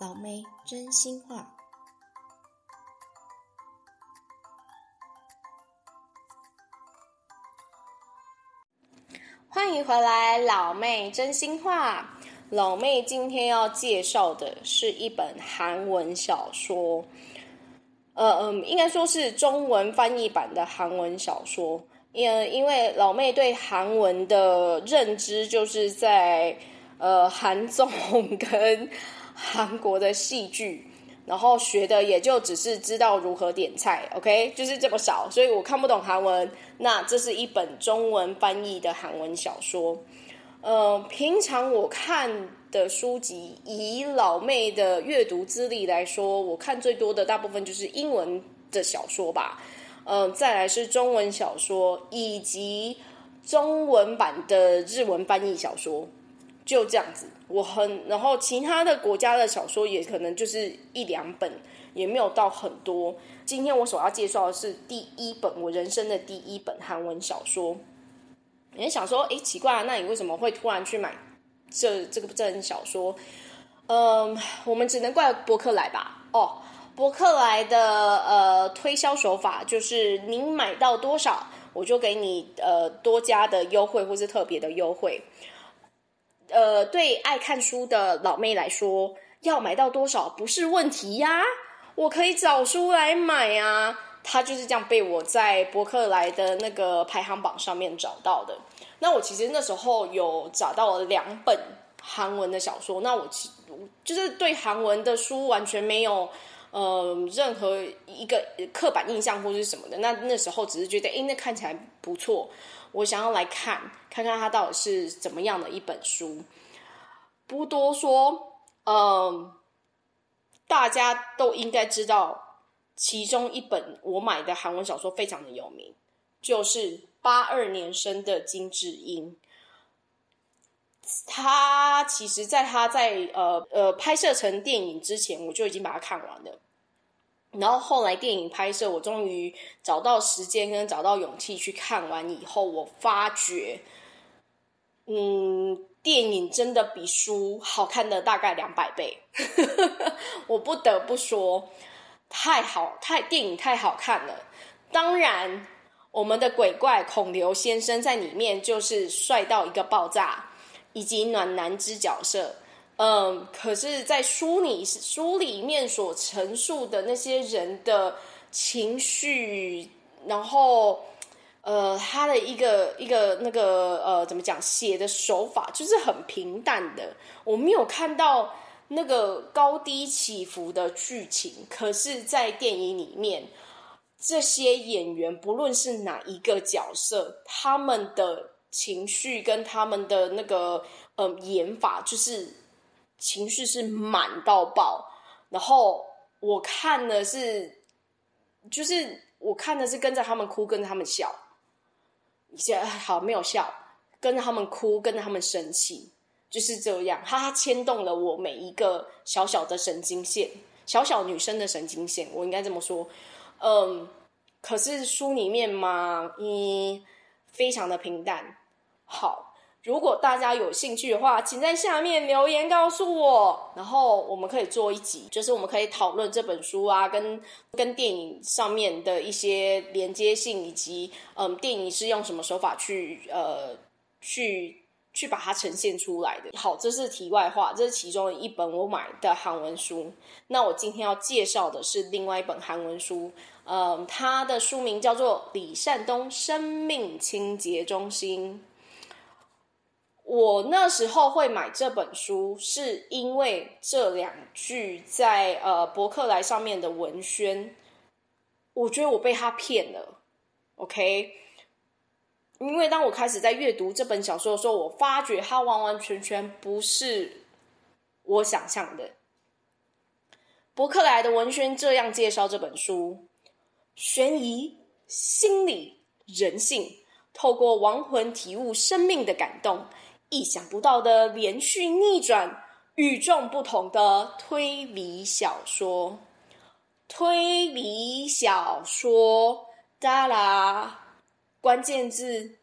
老妹，真心話。歡迎回來，老妹，真心話。老妹今天要介紹的是一本韓文小說，呃嗯，應該說是中文翻譯版的韓文小說，因因為老妹對韓文的認知就是在呃韓總跟。韓國的戲劇，然後學的也就只是知道如何點菜，OK，就是這麼少，所以我看不懂韓文。那這是一本中文翻譯的韓文小說。嗯、呃，平常我看的書籍，以老妹的閱讀資歷來說，我看最多的大部分就是英文的小說吧。嗯、呃，再來是中文小說，以及中文版的日文翻譯小說。就這樣子，我很，然後其他的國家的小說也可能就是一兩本，也沒有到很多。今天我所要介紹的是第一本我人生的第一本韓文小說。有人想說，哎，奇怪啊，那你為什麼會突然去買這這個本小說？嗯，我們只能怪博客來吧。哦，博客來的呃推銷手法就是您買到多少，我就給你呃多加的優惠或是特別的優惠。呃，對愛看書的老妹來說，要買到多少不是問題呀、啊，我可以找書來買啊。它就是這樣被我在博客來的那個排行榜上面找到的。那我其實那時候有找到了兩本韓文的小說，那我其實就是對韓文的書完全沒有呃，任何一個刻板印象或是什麼的。那那時候只是覺得，哎、欸，那看起來不錯。我想要來看看看它到底是怎麼樣的一本書，不多說，嗯、呃，大家都應該知道，其中一本我買的韓文小說非常的有名，就是八二年生的金智英。他其實，在他在呃呃拍攝成電影之前，我就已經把它看完了。然後後來電影拍攝，我終於找到時間跟找到勇氣去看完以後，我發覺，嗯，電影真的比書好看的大概兩百倍。 我不得不說，太好，太，電影太好看了。當然，我們的鬼怪孔劉先生在裡面就是帥到一個爆炸，以及暖男之角色。嗯，可是，在書裡書裡面所陳述的那些人的情緒，然後，呃，他的一個一個那個呃，怎麼講，寫的手法就是很平淡的，我沒有看到那個高低起伏的劇情。可是，在電影裡面，這些演員不論是哪一個角色，他們的情緒跟他們的那個嗯、呃、演法，就是。情緒是滿到爆，然後我看的是，就是我看的是跟着他們哭，跟着他們笑，嗯、好沒有笑，跟着他們哭，跟着他們生氣，就是這樣，哈，牽動了我每一個小小的神經線，小小女生的神經線，我應該這麼說，嗯，可是書裡面嘛，嗯，非常的平淡，好。如果大家有興趣的話，請在下面留言告訴我，然後我們可以做一集，就是我們可以討論這本書啊，跟跟電影上面的一些連接性，以及嗯，電影是用什麼手法去呃去去把它呈現出來的。好，這是題外話，這是其中一本我買的韓文書。那我今天要介紹的是另外一本韓文書，嗯，它的書名叫做《李善東生命清潔中心》。我那時候會買這本書，是因為這兩句在呃博客來上面的文宣，我覺得我被他騙了。OK，因為當我開始在閱讀這本小說的時候，我發覺它完完全全不是我想象的。博客來的文宣這樣介紹這本書：懸疑、心理、人性，透過亡魂體悟生命的感動。意想不到的連續逆轉，與眾不同的推理小說。推理小說，噠啦！關鍵字：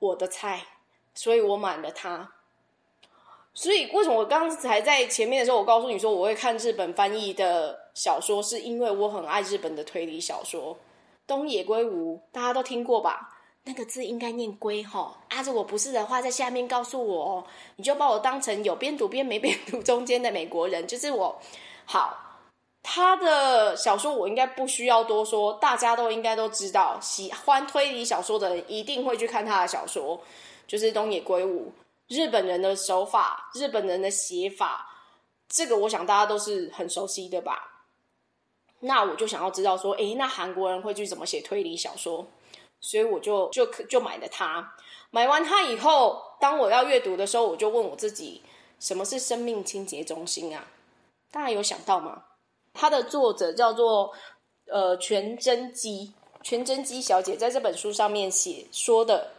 我的菜，所以我買了它。所以，為什麼我剛才在前面的時候，我告訴你說我會看日本翻譯的小說，是因為我很愛日本的推理小說。東野圭吾，大家都聽過吧？那個字應該念龜“歸”吼啊。如果不是的話，在下面告訴我哦。你就把我當成有邊讀邊沒邊讀中間的美國人，就是我。好，他的小說我應該不需要多說，大家都應該都知道。喜歡推理小說的人一定會去看他的小說，就是東野圭吾。日本人的手法，日本人的寫法，這個我想大家都是很熟悉的吧？那我就想要知道說，誒，那韓國人會去怎麼寫推理小說？所以我就就就買了它。買完它以後，當我要閱讀的時候，我就問我自己：什麼是生命清潔中心啊？大家有想到嗎？它的作者叫做呃權貞姬，權貞姬小姐在這本書上面寫說的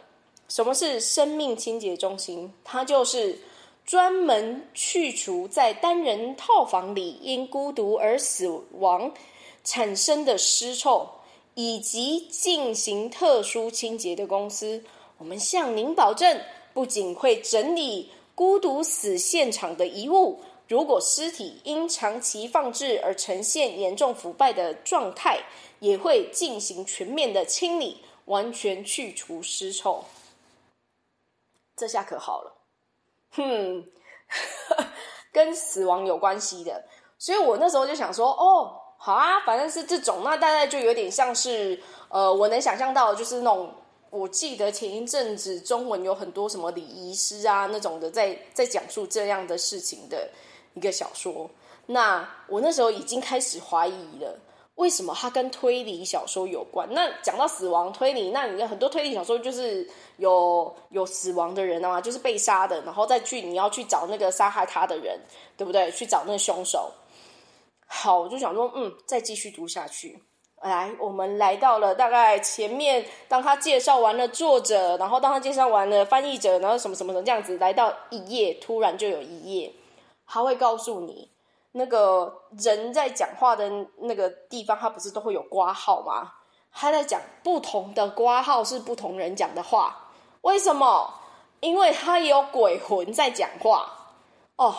什麼是生命清潔中心？它就是專門去除在單人套房裡因孤獨而死亡產生的屍臭。以及進行特殊清潔的公司，我們向您保證，不僅會整理孤獨死現場的遺物，如果屍體因長期放置而呈現嚴重腐敗的狀態，也會進行全面的清理，完全去除屍臭。這下可好了，哼， 跟死亡有關係的，所以我那時候就想說，哦。好啊，反正是這種，那大概就有點像是，呃，我能想象到的就是那種，我記得前一陣子中文有很多什麼禮儀師啊那種的在，在在講述這樣的事情的一個小說。那我那時候已經開始懷疑了，為什麼它跟推理小說有關？那講到死亡推理，那你的很多推理小說就是有有死亡的人啊，就是被殺的，然後再去你要去找那個殺害他的人，對不對？去找那個兇手。好，我就想說，嗯，再繼續讀下去。來，我們來到了大概前面，當他介紹完了作者，然後當他介紹完了翻譯者，然後什麼什麼的什麼這樣子，來到一頁，突然就有一頁，他會告訴你那個人在講話的那個地方，他不是都會有括號嗎？他在講不同的括號是不同人講的話，為什麼？因為他也有鬼魂在講話哦。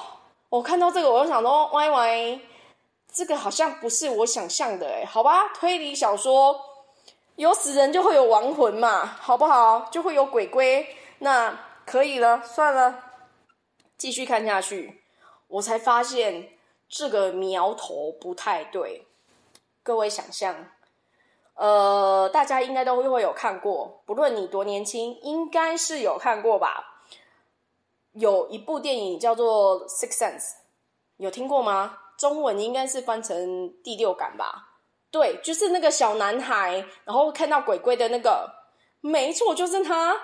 我看到這個，我就想說，歪歪。這個好像不是我想象的誒、欸、好吧，推理小說有死人就會有亡魂嘛，好不好？就會有鬼鬼，那可以了，算了，繼續看下去。我才發現這個苗頭不太對。各位想象，呃，大家應該都會有看過，不論你多年輕，應該是有看過吧？有一部電影叫做《Six Sense》，有聽過嗎？中文應該是翻成第六感吧？對，就是那個小男孩，然後看到鬼鬼的那個，沒錯，就是他。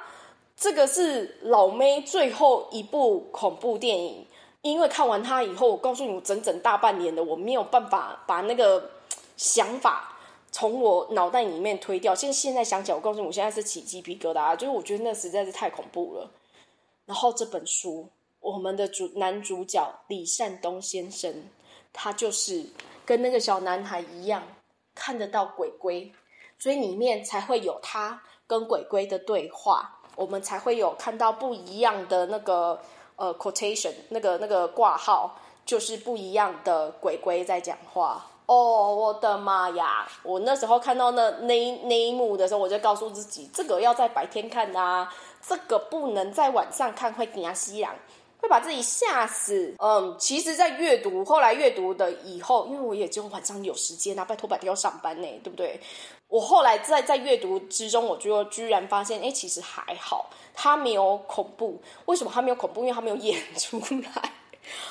這個是老妹最後一部恐怖電影，因為看完他以後，我告訴你，我整整大半年的我沒有辦法把那個想法從我腦袋裡面推掉。現在現在想起來，我告訴你，我現在是起雞皮疙瘩，就是我覺得那實在是太恐怖了。然後這本書，我們的主男主角李善東先生。他就是跟那個小男孩一樣，看得到鬼鬼，所以裡面才會有他跟鬼鬼的對話，我們才會有看到不一樣的那個呃 quotation 那個那個括號，就是不一樣的鬼鬼在講話。哦，我的媽呀！我那時候看到那那一那一幕的時候，我就告訴自己，這個要在白天看啊，這個不能在晚上看，會驚西洋會把自己嚇死。嗯，其實，在閱讀後來閱讀的以後，因為我也只有晚上有時間吶、啊，拜托白天要上班呢，對不對？我後來在在閱讀之中，我就居然發現，哎，其實還好，他沒有恐怖。為什麼他沒有恐怖？因為他沒有演出來。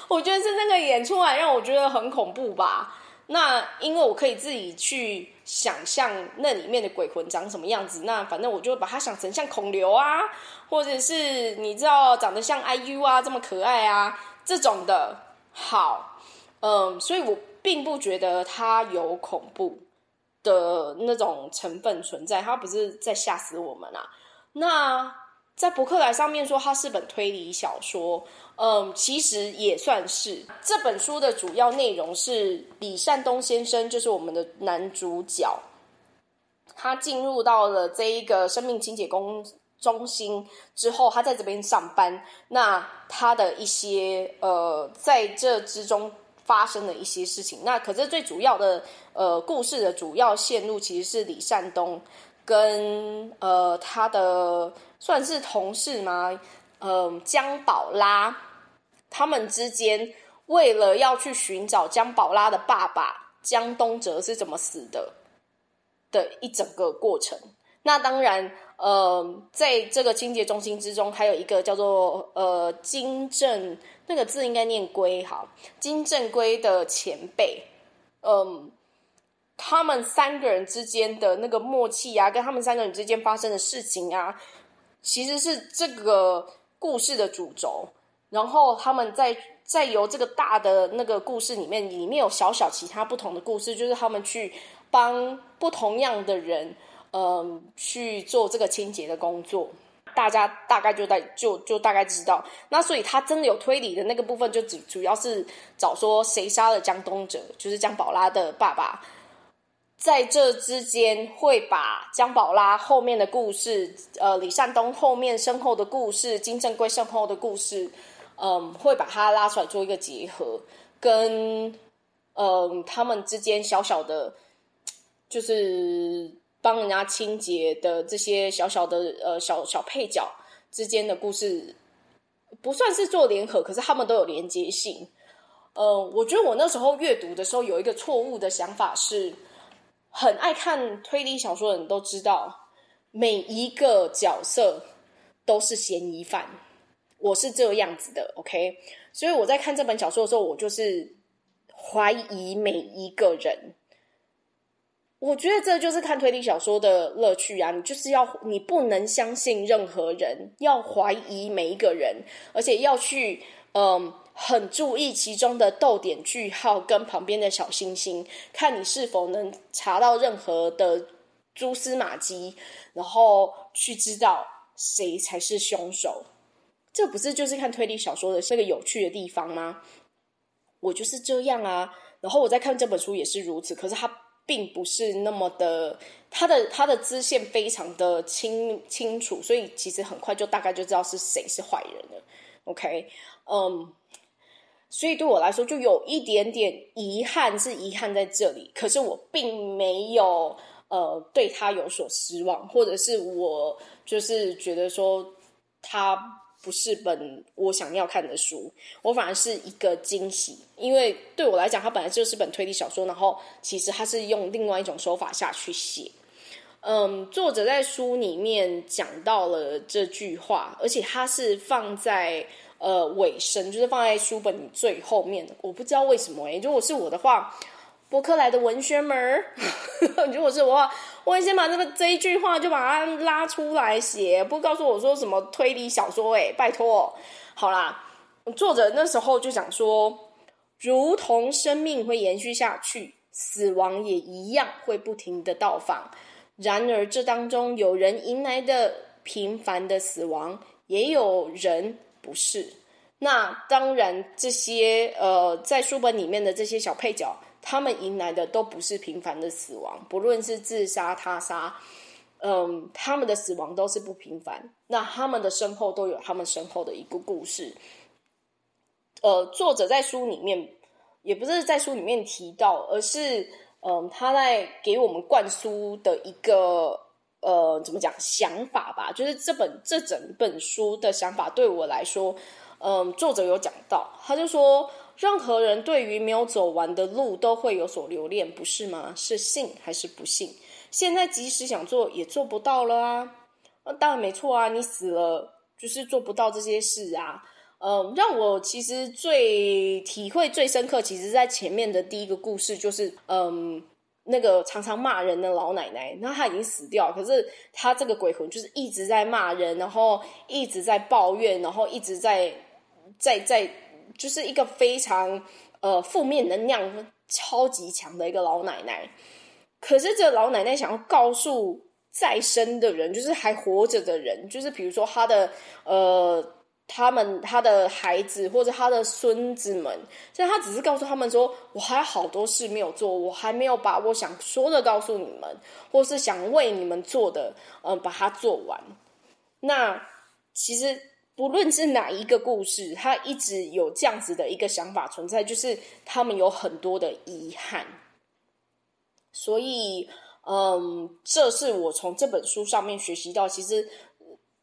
我覺得是那個演出來讓我覺得很恐怖吧。那因為我可以自己去想象那裡面的鬼魂長什麼樣子，那反正我就把它想成像孔劉啊，或者是你知道長得像 IU 啊，這麼可愛啊，這種的。好，嗯，所以我並不覺得它有恐怖的那種成分存在，它不是在嚇死我們啊。那。在博客來上面說它是本推理小說，嗯，其實也算是。這本書的主要內容是李善東先生，就是我們的男主角，他進入到了這一個生命清潔工中心之後，他在這邊上班。那他的一些呃，在這之中發生的一些事情，那可是最主要的呃故事的主要線路，其實是李善東。跟呃，他的算是同事嘛，嗯、呃，江寶拉他們之間為了要去尋找江寶拉的爸爸江東哲是怎麼死的的一整個過程。那當然、呃，在這個清潔中心之中，還有一個叫做呃金正，那個字應該念圭，好，金正圭的前輩，嗯、呃。他們三個人之間的那個默契啊，跟他們三個人之間發生的事情啊，其實是這個故事的主軸。然後他們在在由這個大的那個故事裡面，裡面有小小其他不同的故事，就是他們去幫不同樣的人，嗯、呃，去做這個清潔的工作。大家大概就在就就大概知道。那所以他真的有推理的那個部分，就只主要是找說誰殺了江東哲，就是江寶拉的爸爸。在這之間會把姜寶拉後面的故事，呃，李善東後面身後的故事，金正圭身後的故事，嗯，會把它拉出來做一個結合，跟嗯他們之間小小的，就是幫人家清潔的這些小小的呃小小配角之間的故事，不算是做聯合，可是他們都有連接性。嗯，我覺得我那時候閱讀的時候有一個錯誤的想法是。很愛看推理小說的人都知道，每一個角色都是嫌疑犯。我是這樣子的，OK？所以我在看這本小說的時候，我就是懷疑每一個人。我覺得這就是看推理小說的樂趣啊！你就是要，你不能相信任何人，要懷疑每一個人，而且要去，嗯、呃。很注意其中的逗點、句號跟旁邊的小星星，看你是否能查到任何的蛛絲馬跡，然後去知道誰才是兇手。這不是就是看推理小說的這個有趣的地方嗎？我就是這樣啊。然後我在看這本書也是如此，可是它並不是那麼的，它的它的支線非常的清清楚，所以其實很快就大概就知道是誰是壞人了。OK，嗯。所以對我來說，就有一點點遺憾，是遺憾在這裡。可是我並沒有，呃，對他有所失望，或者是我就是覺得說他不是本我想要看的書，我反而是一個驚喜。因為對我來講，他本來就是本推理小說，然後其實他是用另外一種手法下去寫。嗯，作者在書裡面講到了這句話，而且他是放在。呃，尾聲就是放在書本最後面的。我不知道為什麼哎、欸。如果是我的話，博客來的文宣們， 如果是我的話，我會先把這個這一句話就把它拉出來寫，不告訴我說什麼推理小說哎、欸，拜托。好啦，作者那時候就想說，如同生命會延續下去，死亡也一樣會不停的到訪。然而這當中，有人迎來的平凡的死亡，也有人。不是，那當然，這些呃，在書本裡面的這些小配角，他們迎來的都不是平凡的死亡，不論是自殺、他殺，嗯，他們的死亡都是不平凡。那他們的身後都有他們身後的一個故事。呃，作者在書裡面，也不是在書裡面提到，而是嗯，他在給我們灌輸的一個。呃，怎麼講想法吧？就是這本這整本書的想法對我來說，嗯、呃，作者有講到，他就說，任何人對於沒有走完的路都會有所留戀，不是嗎？是信還是不信？現在即使想做也做不到了啊、呃。當然沒錯啊，你死了就是做不到這些事啊。嗯、呃，讓我其實最體會最深刻，其實在前面的第一個故事，就是嗯。呃那個常常罵人的老奶奶，然後她已經死掉，可是她這個鬼魂就是一直在罵人，然後一直在抱怨，然後一直在在在，就是一個非常呃負面能量超級強的一個老奶奶。可是這老奶奶想要告訴在生的人，就是還活着的人，就是比如說她的呃。他們他的孩子或者他的孫子們，所以他只是告訴他們說：“我還有好多事沒有做，我還沒有把我想說的告訴你們，或是想為你們做的，嗯，把它做完。那”那其實不論是哪一個故事，他一直有這樣子的一個想法存在，就是他們有很多的遺憾。所以，嗯，這是我從這本書上面學習到，其實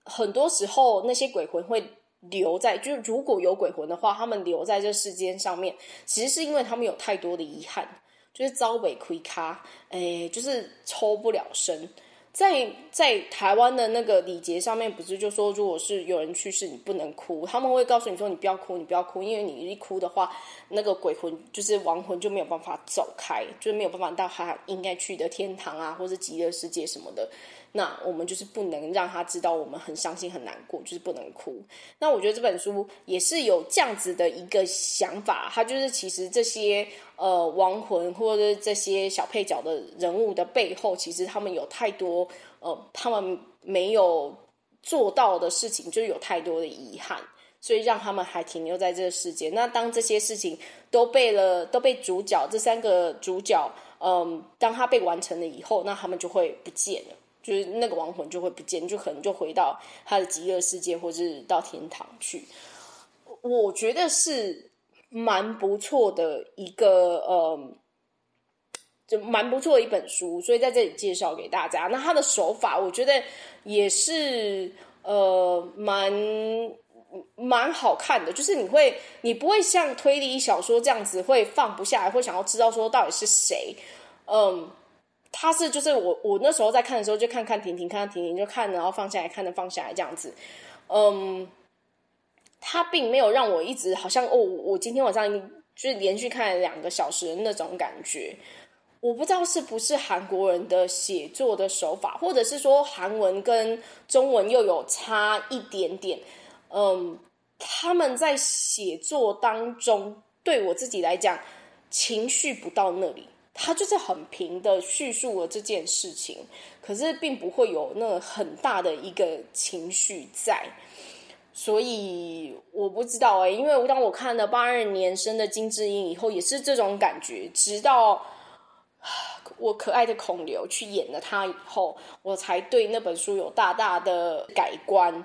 很多時候那些鬼魂會。留在就是，如果有鬼魂的話，他們留在這世間上面，其實是因為他們有太多的遺憾，就是遭委虧卡，誒、欸，就是抽不了身。在在台灣的那個禮節上面，不是就說，如果是有人去世，你不能哭，他們會告訴你說，你不要哭，你不要哭，因為你一哭的話，那個鬼魂就是亡魂就沒有辦法走開，就沒有辦法到他應該去的天堂啊，或者極樂世界什麼的。那我們就是不能讓他知道我們很傷心很難過，就是不能哭。那我覺得這本書也是有這樣子的一個想法，他就是其實這些呃亡魂，或者是這些小配角的人物的背後，其實他們有太多呃他們沒有做到的事情，就有太多的遺憾，所以讓他們還停留在這個世界。那當這些事情都被了都被主角這三個主角嗯、呃，當他被完成了以後，那他們就會不見了。就是那個亡魂就會不見，就可能就回到他的極樂世界，或者是到天堂去。我覺得是蠻不錯的一個，呃、嗯，就蠻不錯的一本書，所以在這裡介紹給大家。那他的手法，我覺得也是呃，蠻蠻好看的。就是你會，你不會像推理小說這樣子會放不下來，會想要知道說到底是誰，嗯。他是就是我我那時候在看的時候，就看看停停、看看停停，就看然後放下來，看着放下來這樣子，嗯，他並沒有讓我一直好像哦，我今天晚上就連續看了兩個小時的那種感覺，我不知道是不是韓國人的寫作的手法，或者是說韓文跟中文又有差一點點，嗯，他們在寫作當中，對我自己來講情緒不到那裡。他就是很平的敘述了這件事情，可是並不會有那很大的一個情緒在，所以我不知道哎、欸，因為當我看了八二年生的金智英以後，也是這種感覺，直到我可愛的孔劉去演了他以後，我才對那本書有大大的改觀。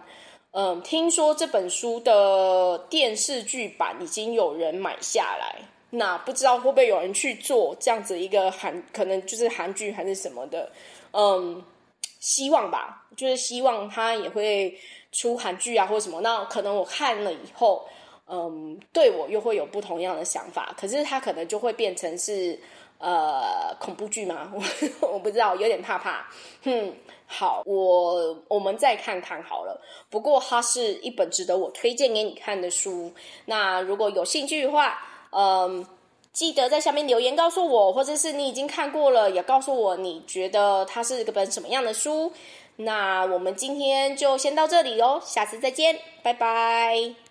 嗯，聽說這本書的電視劇版已經有人買下來。那不知道會不會有人去做這樣子一個韓，可能就是韓劇還是什麼的，嗯，希望吧，就是希望他也會出韓劇啊，或什麼。那可能我看了以後，嗯，對我又會有不同樣的想法。可是他可能就會變成是呃恐怖劇嗎？我我不知道，有點怕怕。嗯，好，我我們再看看好了。不過它是一本值得我推薦給你看的書。那如果有興趣的話。嗯，記得在下面留言告訴我，或者是你已經看過了，也告訴我你覺得它是一本什麼樣的書。那我們今天就先到這裡哦，下次再見，拜拜。